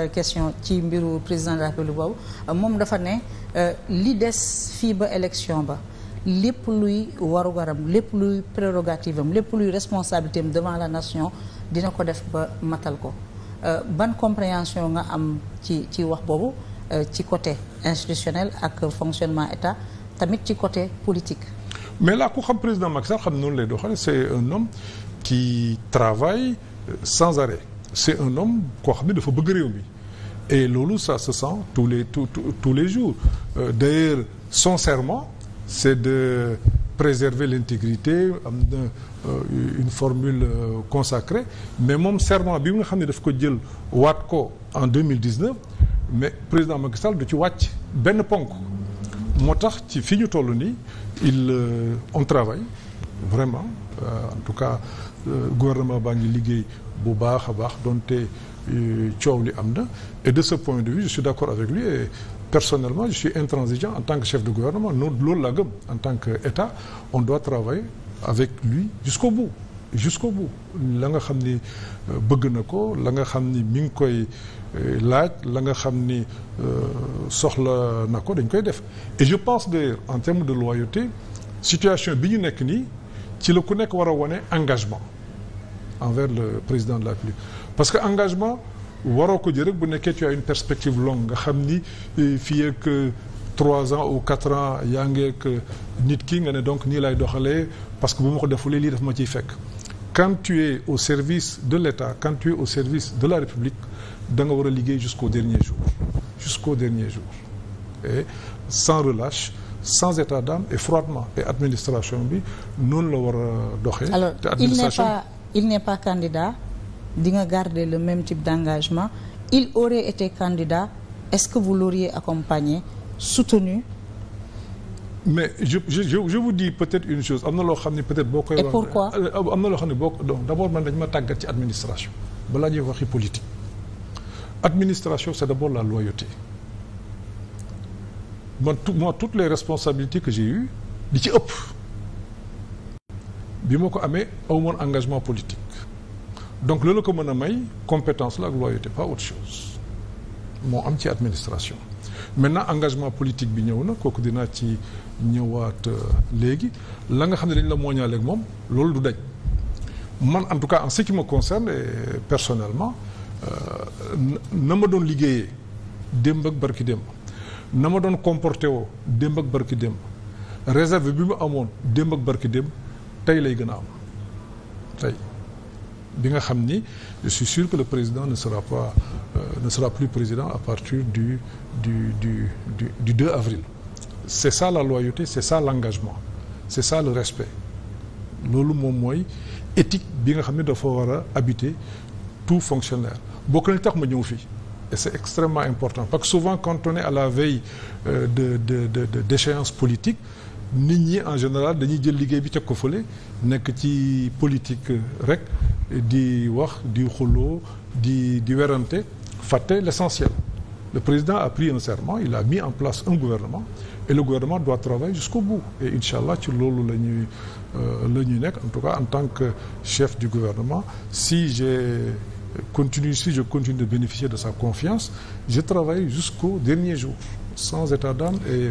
Euh, question ci mbiru président de la République boobu euh, moom dafa ne euh, li des fii ba élection ba lépp luy warugaram lépp luy prérogative am lépp luy responsabilité am devant la nation dina ko def ba matal ko ban compréhension nga am ci ci wax boobu ci côté institutionnel ak fonctionnement état tamit ci côté politique mais là ku xam président Macky xam noonu lay doxale c'est un homme qui travaille sans arrêt c'est un homme koo xam ne dafa bëgg réew mi et loolu ça se sent tous les tous tous les jours euh, d'ailleurs son serment c'est de préserver l'intégrité am na euh, une formule euh, consacrée mais moom serment bi nga xam ne daf ko jël waat ko en 2019 mais président Macky Sall du ci wàcc benn ponk moo tax ci fi ñu toll nii il on travaille vraiment euh, en tout cas euh, gouvernement baa ngi liggéey bu baax a baax donte euh, coow li am na et de ce point de vue je suis d'accord avec lui et personnellement je suis intransigeant en tant que chef de gouvernement non loolu laa gëm en tant que État on doit travailler avec lui jusqu'au bout jusqu'au bout la nga xam ni bëgg na ko la nga xam ni mi ngi koy laaj la nga xam ni soxla na ko dañ koy def et je pense d'ailleurs en termes de loyauté situation bi ñu nekk nii ci la ku nekk war a wone engagement envers le président de la République parce que engagement waroo ko jël bu nekkee tu as une perspective longue nga xam ni eh, fii euh, trois ans ou quatre ans yaa ngeek euh, nit ki nga ne donc nii lay doxalee parce que bu ma ko defulee lii def ma ciy fekk quand tu es au service de l'État quand tu es au service de la République da nga war a liggéey jusqu'au dernier jour jusqu'au dernier jour et sans relâche sans état d'âme et froidement et administration bi noonu la war a doxee. alors il n'est pas candidat di nga garder le même type d'engagement il aurait été candidat est-ce que vous l'auriez accompagné soutenu. mais je je je vous dis peut-être une chose am na loo xam ne peut-être boo koy. et pourquoi euh, am na loo xam ne boo donc d'abord man dañu ma tàggat ci administration balaa ñuy waxi politique administration c'est d'abord la loyauté. man tout moi toutes les responsabilités que j'ai eues li ci ëpp bi ma ko amee amoon engagement politique donc loolu ko mën a may compétence la ak loyauté pas autre chose moo am ci administration maintenant engagement politique bi ñëw na kooku dinaa ci ñëwaat euh, léegi la nga xam ne dañ la mooñaaleeg moom loolu du daj man en tout cas en ce qui me concerne et personnellement euh, na ma doon liggéeyee démb ak barki démb na ma doon comporté woo démb ak barki démb réserve bi mu amoon démb ak barki démb tey lay gën a am tey bi nga xam ni je suis que le président ne sera pas euh, ne sera plus président à partir du du du du du 2 avril. c'est ça la loyauté c'est ça l'engagement c'est le respect loolu moom mooy éthique bi nga xam ne dafa war a habiter tout fonctionnaire bokk na tax ma ñëw fii. Et c'est extrêmement important. Parce que souvent, quand on est à la veille euh, de, de, d'échéance politique, nit ñi en général dañuy jël liggéey bi teg ko fële nekk ci politique rek di wax di xuloo di di werante fàtte l'essentiel. Le président a pris un serment, il a mis en place un gouvernement et le gouvernement doit travailler jusqu'au bout et inch'Allah ci loolu la ñuy euh, la ñuy nekk en tout cas en tant que chef du gouvernement si j'ai continue, si je continue de bénéficier de sa confiance, je travaille jusqu'au dernier jour, sans état d'âme et